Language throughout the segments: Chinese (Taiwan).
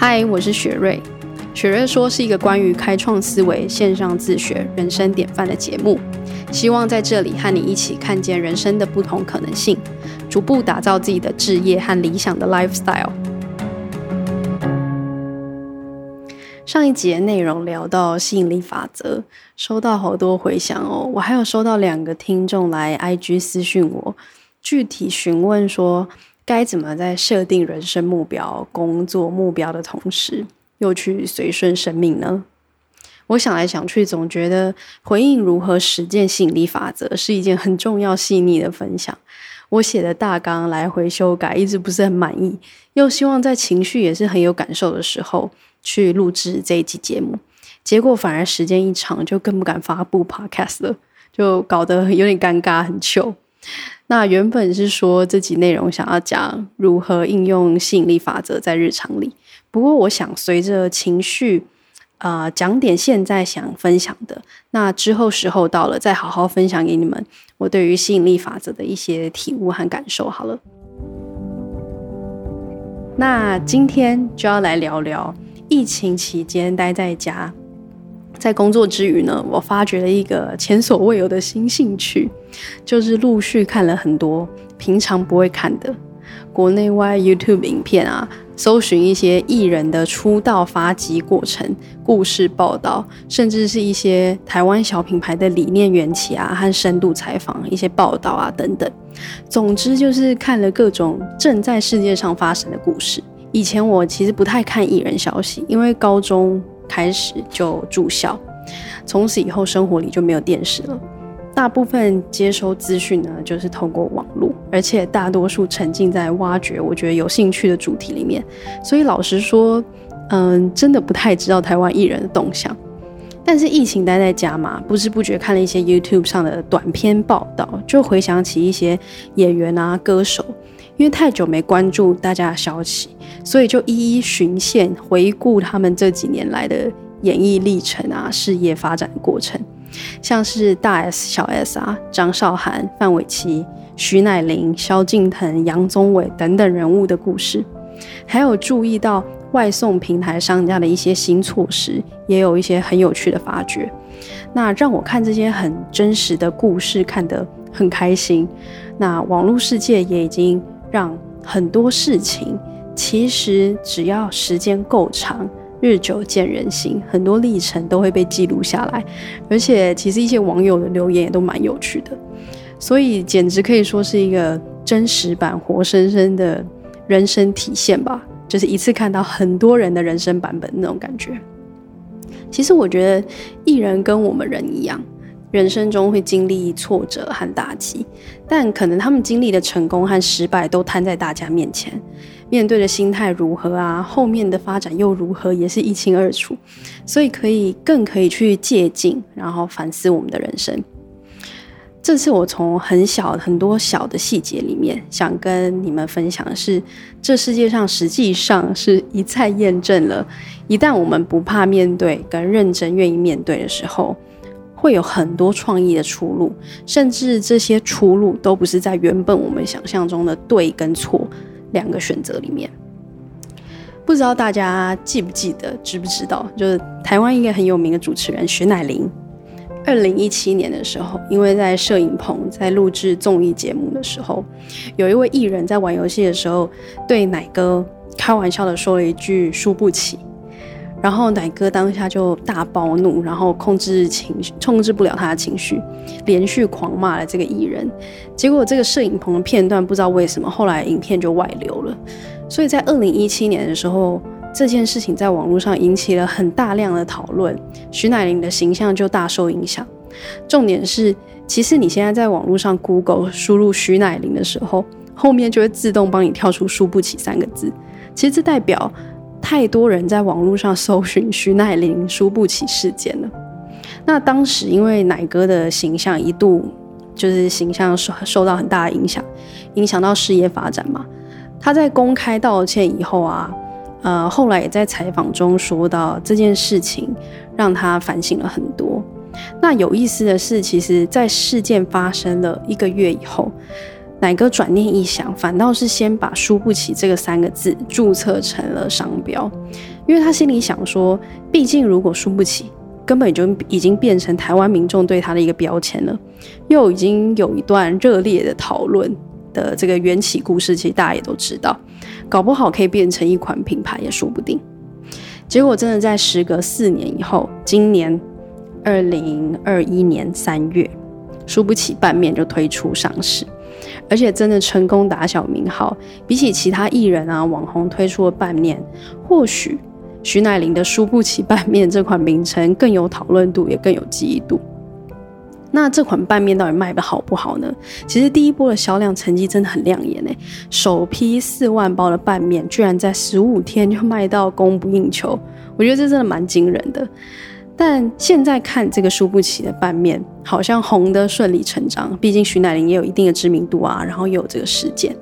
嗨，Hi, 我是雪瑞。雪瑞說是一個關於開創思維、線上自學、人生典範的節目，希望在這裡和你一起看見人生的不同可能性，逐步打造自己的志業和理想的 lifestyle。上一節內容聊到吸引力法則，收到好多回響哦。我還有收到兩個聽眾來 IG 私訊我，具體詢問說。該怎麼在設定人生目標、工作目標的同時，又去隨順生命呢？我想來想去，總覺得回應如何實踐吸引力法則是一件很重要、細膩的分享。我寫的大綱來回修改，一直不是很滿意，又希望在情緒也是很有感受的時候去錄製這一集節目，結果反而時間一長，就更不敢發布 podcast 了，就搞得有點尷尬，很糗。那原本是說這集內容想要講如何應用吸引力法則在日常裡，不過我想隨着情緒，啊、呃，講點現在想分享的。那之後時候到了，再好好分享給你們我對於吸引力法則的一些體悟和感受。好了，那今天就要來聊聊疫情期間待在家。在工作之餘呢，我發覺了一個前所未有的新興趣，就是陸續看了很多平常不會看的國內外 YouTube 影片啊，搜尋一些藝人的出道發跡過程、故事報道，甚至是一些台灣小品牌的理念緣起啊和深度採訪一些報道啊等等。總之就是看了各種正在世界上發生的故事。以前我其實不太看藝人消息，因為高中，開始就住校，從此以後生活裡就沒有電視了。大部分接收資訊呢，就是透過網絡，而且大多數沉浸在挖掘我覺得有興趣的主題裡面。所以老實說，嗯，真的不太知道台灣藝人的動向。但是疫情待在家嘛，不知不覺看了一些 YouTube 上的短片報道，就回想起一些演員啊、歌手。因為太久沒關注大家的消息，所以就一一循線回顧他們這幾年來的演藝歷程啊，事業發展過程，像是大 S、小 S 啊、張韶涵、范瑋琪、徐乃麟、蕭敬騰、楊宗緯等等人物的故事，還有注意到外送平台商家的一些新措施，也有一些很有趣的發掘。那讓我看這些很真實的故事，看得很開心。那網絡世界也已經。讓很多事情，其實只要時間夠長，日久見人心，很多歷程都會被記錄下來。而且，其實一些網友的留言也都蠻有趣的，所以簡直可以說是一個真實版、活生生的人生體現吧。就是一次看到很多人的人生版本那種感覺。其實我覺得藝人跟我們人一樣。人生中會經歷挫折和打擊，但可能他們經歷的成功和失敗都攤在大家面前，面對的心態如何啊？後面的發展又如何，也是一清二楚，所以可以更可以去借鏡，然後反思我們的人生。這次我從很小很多小的細節裡面，想跟你們分享的是，這世界上實際上是一再驗證了，一旦我們不怕面對，跟認真願意面對的時候。會有很多創意的出路，甚至這些出路都不是在原本我們想象中的對跟錯兩個選擇裡面。不知道大家記不記得，知不知道？就是台灣一個很有名的主持人徐乃麟，二零一七年的時候，因為在攝影棚在錄製綜藝節目的時候，有一位藝人，在玩遊戲的時候，對乃哥開玩笑的說了一句：“輸不起。”然後乃哥當下就大暴怒，然後控制情緒，控制不了他的情緒，連續狂罵了這個藝人。結果這個攝影棚的片段不知道為什麼，後來影片就外流了。所以在二零一七年的時候，這件事情在網絡上引起了很大量的討論，徐乃麟的形象就大受影響。重點是，其實你現在在網絡上 Google 輸入徐乃麟的時候，後面就會自動幫你跳出輸不起三個字。其實這代表。太多人在網絡上搜尋徐乃麟輸不起事件了。那當時因為乃哥的形象一度就是形象受受到很大的影響，影響到事業發展嘛。他在公開道歉以後啊，呃，後來也在採訪中說到這件事情讓他反省了很多。那有意思的是，其實，在事件發生了一個月以後。乃哥轉念一想，反倒是先把“輸不起”這個三個字注冊成了商標，因為他心裡想說，畢竟如果輸不起，根本就已經變成台灣民眾對他的一個標籤了。又已經有一段熱烈的討論的這個緣起故事，其實大家也都知道，搞不好可以變成一款品牌也說不定。結果真的在時隔四年以後，今年二零二一年三月，輸不起拌麵就推出上市。而且真的成功打響名號，比起其他藝人啊網紅推出的拌麵，或許徐乃麟的“輸不起拌麵”這款名稱更有討論度，也更有記憶度。那這款拌麵到底賣得好不好呢？其實第一波的銷量成績真的很亮眼，誒、欸，首批四萬包的拌麵居然在十五天就賣到供不應求，我覺得這真的蠻驚人的。但現在看這個輸不起的拌麵，好像紅得順理成章。畢竟徐乃麟也有一定的知名度啊，然後也有這個事件。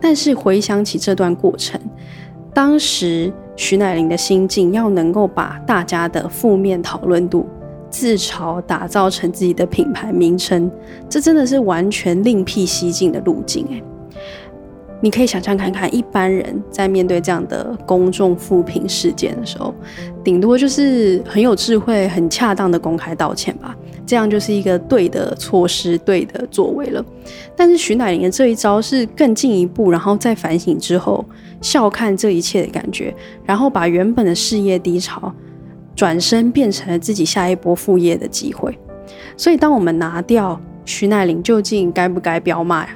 但是回想起這段過程，當時徐乃麟的心境，要能夠把大家的負面討論度、自嘲打造成自己的品牌名稱，這真的是完全另闢蹊徑的路徑哎。你可以想象看看，一般人在面對這樣的公眾負評事件的時候，頂多就是很有智慧、很恰當的公開道歉吧，這樣就是一個對的措施、對的作為了。但是徐乃麟的這一招是更進一步，然後在反省之後笑看這一切的感覺，然後把原本的事業低潮，轉身變成了自己下一波副業的機會。所以，當我們拿掉徐乃麟，究竟該不該飆罵？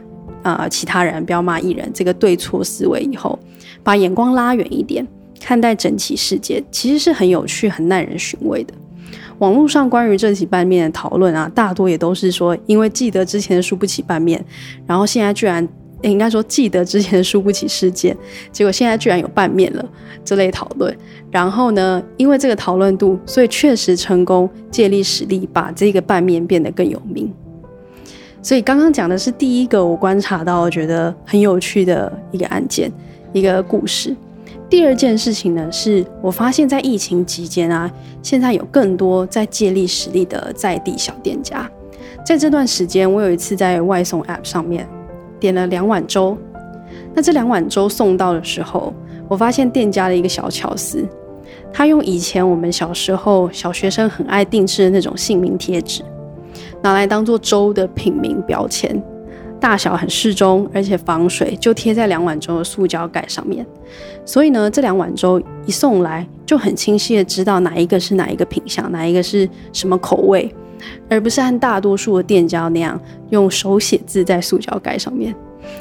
啊、呃，其他人不要罵藝人，這個對錯思維，以後把眼光拉遠一點，看待整體世界，其實是很有趣、很耐人尋味的。網絡上關於這起拌麵的討論啊，大多也都是說，因為記得之前輸不起拌麵，然後現在居然，應該說記得之前輸不起事件，結果現在居然有拌麵了這類討論。然後呢，因為這個討論度，所以確實成功借力使力，把這個拌麵變得更有名。所以剛剛講的是第一個我觀察到我覺得很有趣的一個案件，一個故事。第二件事情呢，是我發現，在疫情期間啊，現在有更多在借力使力的在地小店家。在這段時間，我有一次在外送 App 上面點了兩碗粥，那這兩碗粥送到的時候，我發現店家的一個小巧思，他用以前我們小時候小學生很愛定制的那種姓名貼紙，拿來當做粥的品名標籤，大小很適中，而且防水，就貼在兩碗粥的塑膠蓋上面。所以呢，這兩碗粥一送來，就很清晰的知道哪一個是哪一個品項，哪一個是什麼口味，而不是按大多數的店家那樣用手寫字在塑膠蓋上面。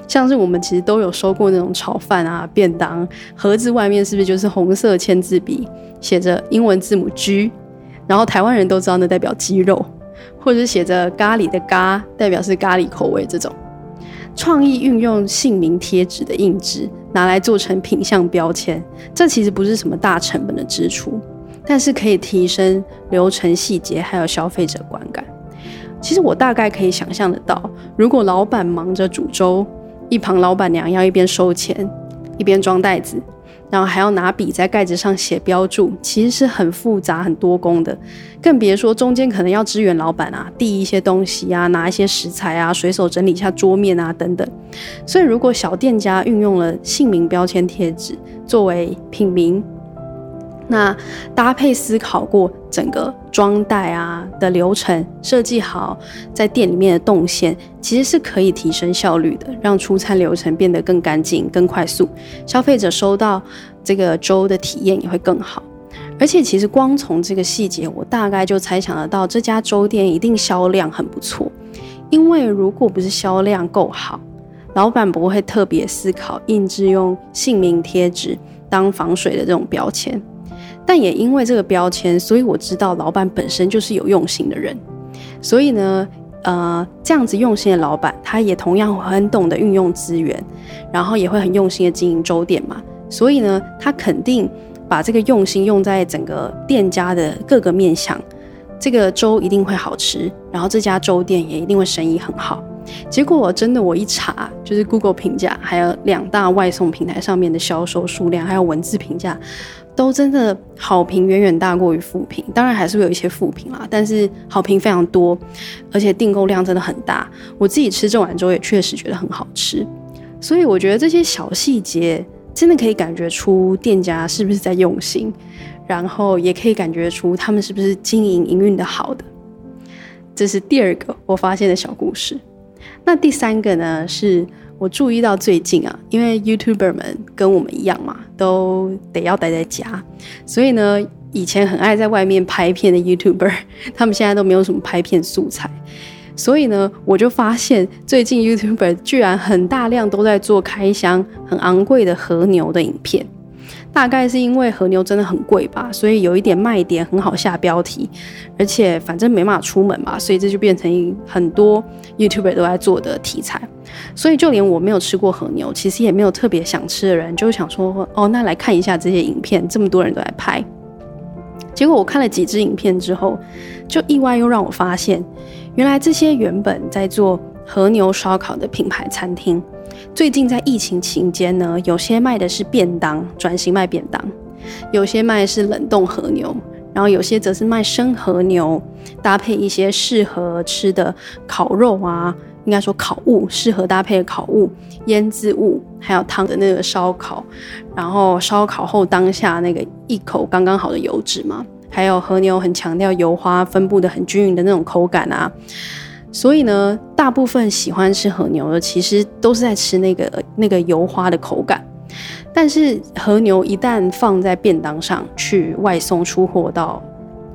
像是我們其實都有收過那種炒飯啊便當盒子，外面是不是就是紅色簽字筆寫着英文字母 G，然後台灣人都知道那代表雞肉。或者是寫着咖喱的咖，代表是咖喱口味，這種創意運用姓名貼紙的印製，拿來做成品項標籤，這其實不是什麼大成本的支出，但是可以提升流程細節還有消費者觀感。其實我大概可以想象得到，如果老板忙着煮粥，一旁老板娘要一邊收錢，一邊裝袋子。然後還要拿筆在蓋子上寫標注，其實是很複雜、很多工的，更別說中間可能要支援老板啊，遞一些東西啊，拿一些食材啊，隨手整理一下桌面啊，等等。所以，如果小店家運用了姓名標籤貼紙作為品名。那搭配思考過整個裝袋啊的流程，設計好在店裡面的動線，其實是可以提升效率的，讓出餐流程變得更乾淨、更快速，消費者收到這個粥的體驗也會更好。而且其實光從這個細節，我大概就猜想得到這家粥店一定銷量很不錯，因為如果不是銷量夠好，老闆不會特別思考印制用姓名貼紙當防水的這種標籤。但也因為這個標籤，所以我知道老闆本身就是有用心的人。所以呢，呃，這樣子用心的老闆，他也同樣很懂得運用資源，然後也會很用心的經營粥店嘛。所以呢，他肯定把這個用心用在整個店家的各個面向，這個粥一定會好吃，然後這家粥店也一定會生意很好。結果真的，我一查就是 Google 評價，還有兩大外送平台上面的銷售數量，還有文字評價。都真的好評遠遠大過於負評，當然還是會有一些負評啦，但是好評非常多，而且訂購量真的很大。我自己吃這碗粥也確實覺得很好吃，所以我覺得這些小細節真的可以感覺出店家是不是在用心，然後也可以感覺出他們是不是經營營運得好的。這是第二個我發現的小故事。那第三個呢是。我注意到最近啊，因為 YouTuber 們跟我們一樣嘛，都得要待在家，所以呢，以前很愛在外面拍片的 YouTuber，他們現在都沒有什麼拍片素材，所以呢，我就發現最近 YouTuber 居然很大量都在做開箱很昂貴的和牛的影片。大概是因為和牛真的很貴吧，所以有一點賣點很好下標題，而且反正沒辦法出門嘛，所以這就變成很多 YouTuber 都在做的題材。所以就連我沒有吃過和牛，其實也沒有特別想吃的人，就想說哦，那來看一下這些影片，這麼多人都在拍。結果我看了幾支影片之後，就意外又讓我發現，原來這些原本在做和牛燒烤的品牌餐廳。最近在疫情期間呢，有些賣的是便當，轉型賣便當；有些賣的是冷凍和牛，然後有些則是賣生和牛，搭配一些適合吃的烤肉啊，應該說烤物，適合搭配的烤物、醃製物，還有湯的那個燒烤，然後燒烤後當下那個一口剛剛好的油脂嘛，還有和牛很強調油花分布得很均勻的那種口感啊。所以呢，大部分喜歡吃和牛的，其實都是在吃那個那個油花的口感。但是和牛一旦放在便當上去外送出貨到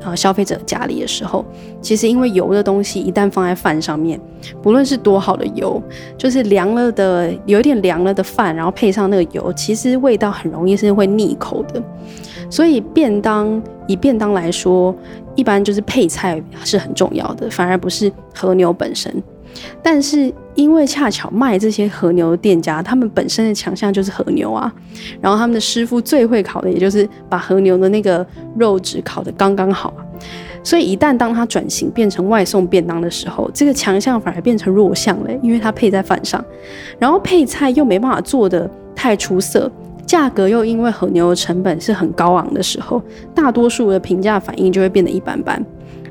呃消費者家裡的時候，其實因為油的東西一旦放在飯上面，不論是多好的油，就是涼了的、有一點涼了的飯，然後配上那個油，其實味道很容易是會膩口的。所以便當以便當來說，一般就是配菜是很重要的，反而不是和牛本身。但是因為恰巧賣這些和牛的店家，他們本身的強項就是和牛啊，然後他們的師傅最會烤的也就是把和牛的那個肉質烤得剛剛好啊。所以一旦當它轉型變成外送便當的時候，這個強項反而變成弱項了欸，因為它配在飯上，然後配菜又沒辦法做得太出色。價格又因為和牛的成本是很高昂的時候，大多數的評價反應就會變得一般般，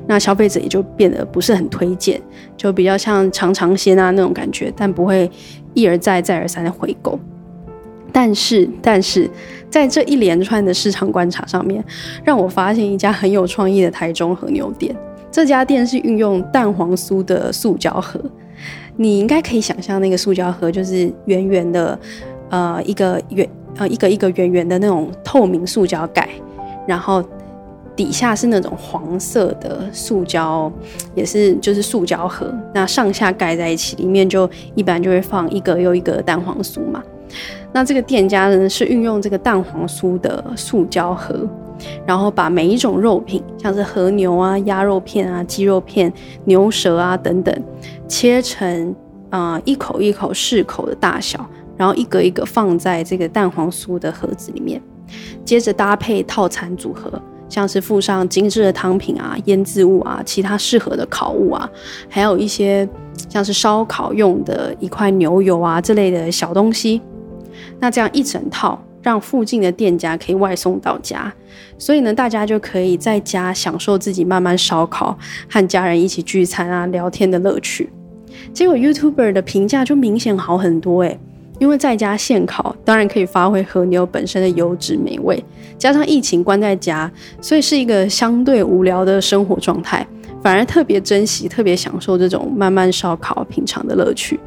那消費者也就變得不是很推薦，就比較像嘗嘗鮮啊那種感覺，但不會一而再再而三的回購。但是，但是，在這一連串的市場觀察上面，讓我發現一家很有創意的台中和牛店。這家店是運用蛋黃酥的塑膠盒，你應該可以想象那個塑膠盒就是圓圓的，呃，一個圓。啊，一個一個圓圓的那種透明塑膠蓋，然後底下是那種黃色的塑膠，也是就是塑膠盒。那上下蓋在一起，裡面就一般就會放一個又一個蛋黃酥嘛。那這個店家呢，是運用這個蛋黃酥的塑膠盒，然後把每一種肉品，像是和牛啊、鴨肉片啊、雞肉片、牛舌啊等等，切成啊、呃、一口一口適口的大小。然後一格一格放在這個蛋黃酥的盒子裡面，接着搭配套餐組合，像是附上精緻的湯品啊、醃製物啊、其他適合的烤物啊，還有一些像是燒烤用的一塊牛油啊之類的小東西。那這樣一整套，讓附近的店家可以外送到家，所以呢，大家就可以在家享受自己慢慢燒烤和家人一起聚餐啊、聊天的樂趣。結果 YouTuber 的評價就明顯好很多欸。因為在家現烤，當然可以發揮和牛本身的油脂美味，加上疫情關在家，所以是一個相對無聊的生活狀態，反而特別珍惜、特別享受這種慢慢燒烤品嘗的樂趣。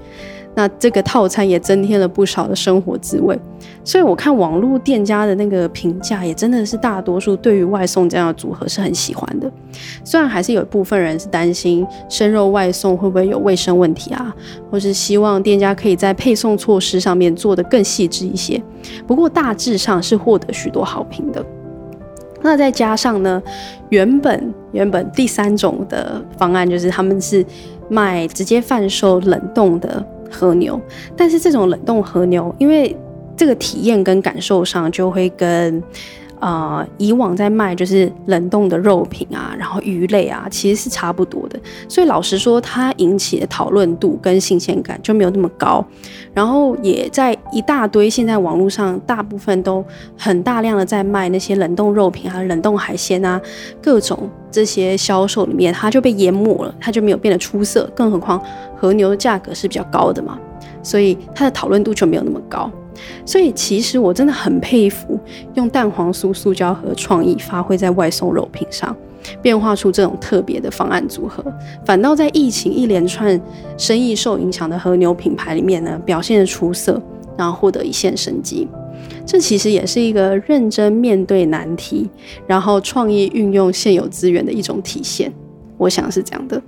那這個套餐也增添了不少的生活滋味，所以我看網絡店家的那個評價也真的是大多數對於外送這樣的組合是很喜歡的。雖然還是有一部分人是擔心生肉外送會不會有衛生問題啊，或是希望店家可以在配送措施上面做得更細緻一些。不過大致上是獲得許多好評的。那再加上呢，原本原本第三種的方案就是他們是賣直接販售冷凍的。和牛，但是這種冷凍和牛，因為這個體驗跟感受上就會跟。呃，以往在賣就是冷凍的肉品啊，然後魚類啊，其實是差不多的。所以老實說，它引起的討論度跟新鮮感就沒有那麼高。然後也在一大堆現在網絡上大部分都很大量的在賣那些冷凍肉品啊、冷凍海鮮啊，各種這些銷售裡面，它就被淹沒了，它就沒有變得出色。更何況和牛的價格是比較高的嘛，所以它的討論度就沒有那麼高。所以其實我真的很佩服用蛋黃酥塑膠盒創意發揮在外送肉品上，變化出這種特別的方案組合，反倒在疫情一連串生意受影響的和牛品牌裡面呢，表現出色，然後獲得一線生機。這其實也是一個認真面對難題，然後創意運用現有資源的一種體現。我想是這樣的。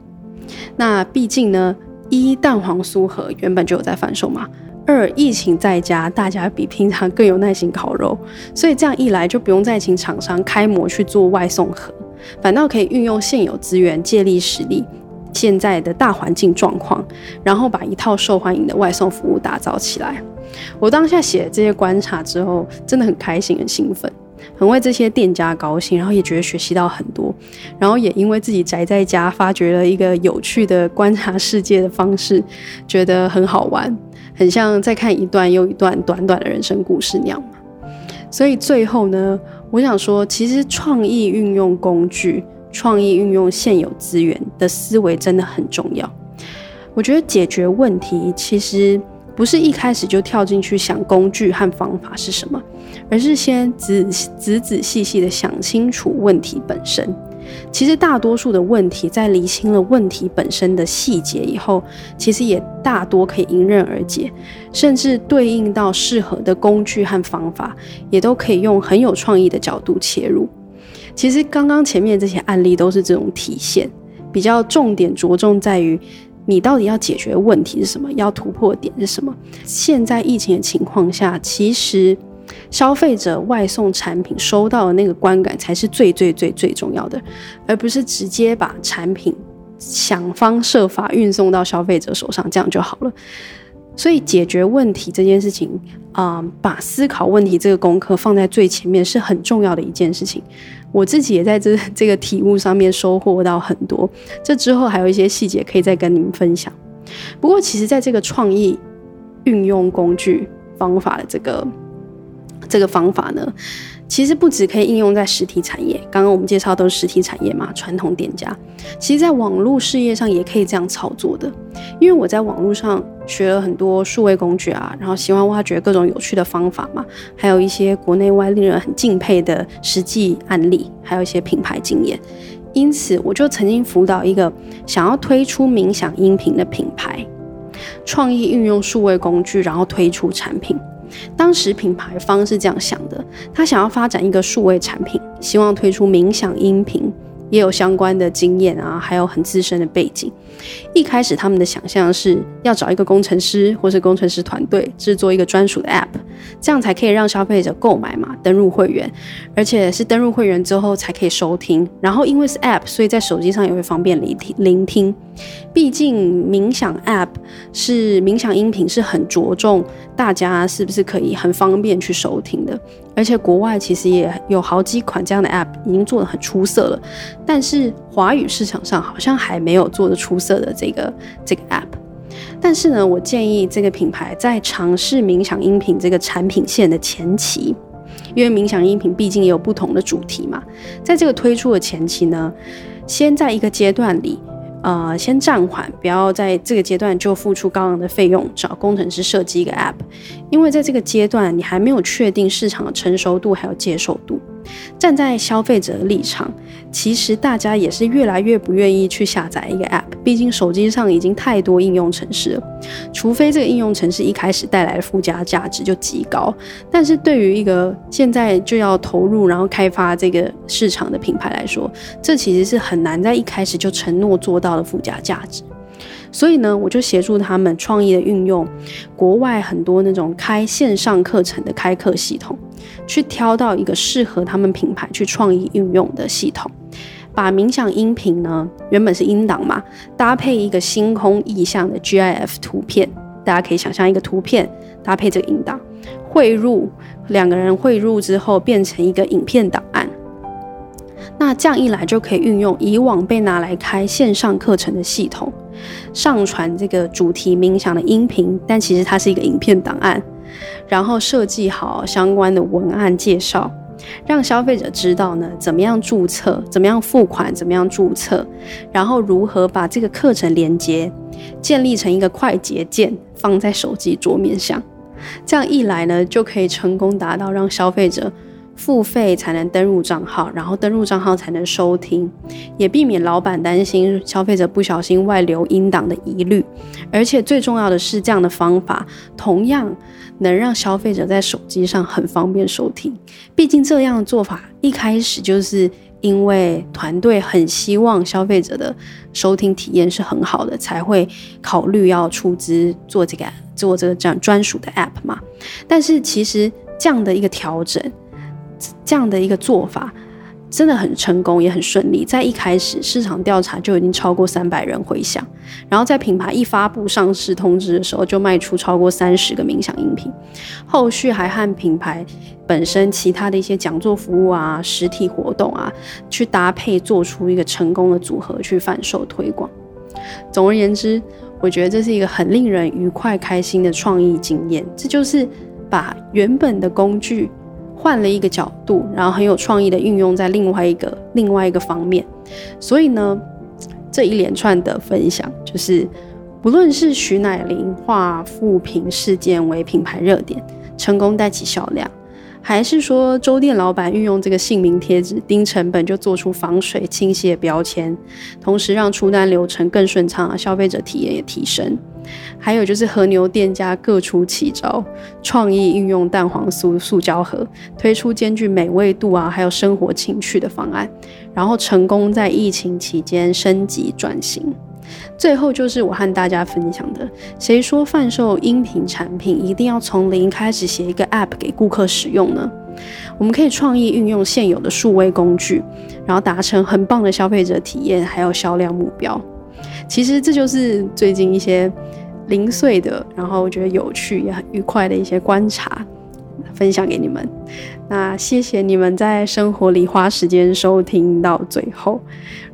那畢竟呢，一蛋黃酥盒原本就有在販售嘛。二，疫情在家，大家比平常更有耐心烤肉，所以這樣一來就不用再請廠商開模去做外送盒，反倒可以運用現有資源、借力使力，現在的大環境狀況，然後把一套受歡迎的外送服務打造起來。我當下寫了這些觀察之後，真的很開心、很興奮，很為這些店家高興，然後也覺得學習到很多，然後也因為自己宅在家，發掘了一個有趣的觀察世界的方式，覺得很好玩。很像在看一段又一段短短的人生故事那樣嘛，所以最後呢，我想說，其實創意運用工具、創意運用現有資源的思維真的很重要。我覺得解決問題其實不是一開始就跳進去想工具和方法是什麼，而是先仔仔仔細細的想清楚問題本身。其實大多數的問題，在釐清了問題本身的細節以後，其實也大多可以迎刃而解，甚至對應到適合的工具和方法，也都可以用很有創意的角度切入。其實剛剛前面這些案例都是這種體現，比較重點着重在於你到底要解決問題是什麼，要突破點是什麼。現在疫情的情況下，其實。消費者外送產品收到的那個觀感才是最最最最重要的，而不是直接把產品想方設法運送到消費者手上，這樣就好了。所以解決問題這件事情啊，嗯，把思考問題這個功課放在最前面是很重要的一件事情。我自己也在這這個體悟上面收穫到很多，這之後還有一些細節可以再跟你們分享。不過其實在這個創意運用工具方法的這個。這個方法呢，其實不止可以應用在實體產業，剛剛我們介紹的都是實體產業嘛，傳統店家。其實，在網絡事業上也可以這樣操作的，因為我在網絡上學了很多數位工具啊，然後喜歡挖掘各種有趣的方法嘛，還有一些國內外令人很敬佩的實際案例，還有一些品牌經驗。因此，我就曾經輔導一個想要推出冥想音頻的品牌，創意運用數位工具，然後推出產品。當時品牌方是這樣想的，他想要發展一個數位產品，希望推出冥想音頻。也有相關的經驗啊，還有很資深的背景。一開始他們的想象是要找一個工程師或是工程師團隊制作一個專屬的 App，這樣才可以讓消費者購買嘛，登入會員，而且是登入會員之後才可以收聽。然後因為是 App，所以在手機上也會方便聆聽聆聽。畢竟冥想 App 是冥想音頻，是很着重大家是不是可以很方便去收聽的。而且國外其實也有好幾款這樣的 App 已經做得很出色了，但是華語市場上好像還沒有做得出色的這個這個 App。但是呢，我建議這個品牌在嘗試冥想音頻這個產品線的前期，因為冥想音頻畢竟也有不同的主題嘛，在這個推出的前期呢，先在一個階段裡。呃，先暫緩，不要在這個階段就付出高昂的費用，找工程師設計一個 app，因為在這個階段你還沒有確定市場的成熟度還有接受度。站在消費者的立場，其實大家也是越來越不願意去下載一個 App，畢竟手機上已經太多應用程式了。除非這個應用程式一開始帶來的附加價值就極高，但是對於一個現在就要投入然後開發這個市場的品牌來說，這其實是很難在一開始就承諾做到的附加價值。所以呢，我就協助他們創意的運用國外很多那種開線上課程的開課系統。去挑到一個適合他們品牌去創意運用的系統，把冥想音頻呢，原本是音檔嘛，搭配一個星空意象的 GIF 圖片，大家可以想象一個圖片搭配這個音檔，匯入兩個人匯入之後變成一個影片檔案。那這樣一來就可以運用以往被拿來開線上課程的系統，上傳這個主題冥想的音頻，但其實它是一個影片檔案。然後設計好相關的文案介紹，讓消費者知道呢，怎麼樣注冊，怎麼樣付款，怎麼樣注冊，然後如何把這個課程連接建立成一個快捷鍵，放在手機桌面上。這樣一來呢，就可以成功達到讓消費者。付費才能登入賬號，然後登入賬號才能收聽，也避免老闆擔心消費者不小心外流音檔的疑慮。而且最重要的是，這樣的方法同樣能讓消費者在手機上很方便收聽。畢竟這樣的做法一開始就是因為團隊很希望消費者的收聽體驗是很好的，才會考慮要出資做這個做這個這樣專屬的 App 嘛。但是其實這樣的一個調整。這樣的一個做法，真的很成功，也很順利。在一開始市場調查就已經超過三百人回響，然後在品牌一發布上市通知的時候，就賣出超過三十個冥想音頻。後續還和品牌本身其他的一些講座服務啊、實體活動啊去搭配，做出一個成功的組合去販售推廣。總而言之，我覺得這是一個很令人愉快、開心的創意經驗。這就是把原本的工具。換了一個角度，然後很有創意的運用在另外一個另外一個方面，所以呢，這一連串的分享就是，不論是徐乃麟化負評事件為品牌熱點，成功帶起銷量，還是說粥店老闆運用這個姓名貼紙，低成本就做出防水清洗的標籤，同時讓出單流程更順暢，消費者體驗也提升。還有就是和牛店家各出奇招，創意運用蛋黃酥塑膠盒，推出兼具美味度啊，還有生活情趣的方案，然後成功在疫情期間升級轉型。最後就是我和大家分享的，誰說販售音頻產品一定要從零開始寫一個 App 給顧客使用呢？我們可以創意運用現有的數位工具，然後達成很棒的消費者體驗，還有銷量目標。其實這就是最近一些零碎的，然後我覺得有趣也很愉快的一些觀察，分享給你們。那謝謝你們在生活裡花時間收聽到最後。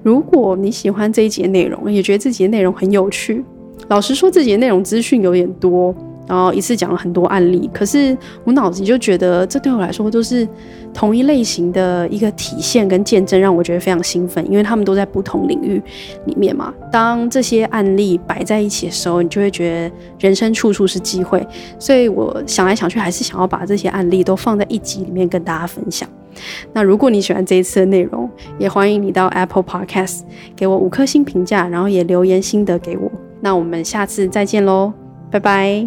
如果你喜歡這一集內容，也覺得這集內容很有趣，老實說，這集內容資訊有點多。然後一次講了很多案例，可是我腦子就覺得這對我來說都是同一類型的一個體現跟見證，讓我覺得非常興奮，因為他們都在不同領域裡面嘛。當這些案例擺在一起的時候，你就會覺得人生處處是機會。所以我想來想去，還是想要把這些案例都放在一集裡面跟大家分享。那如果你喜歡這一次的內容，也歡迎你到 Apple Podcast 給我五顆星評價，然後也留言心得給我。那我們下次再見嘍，拜拜。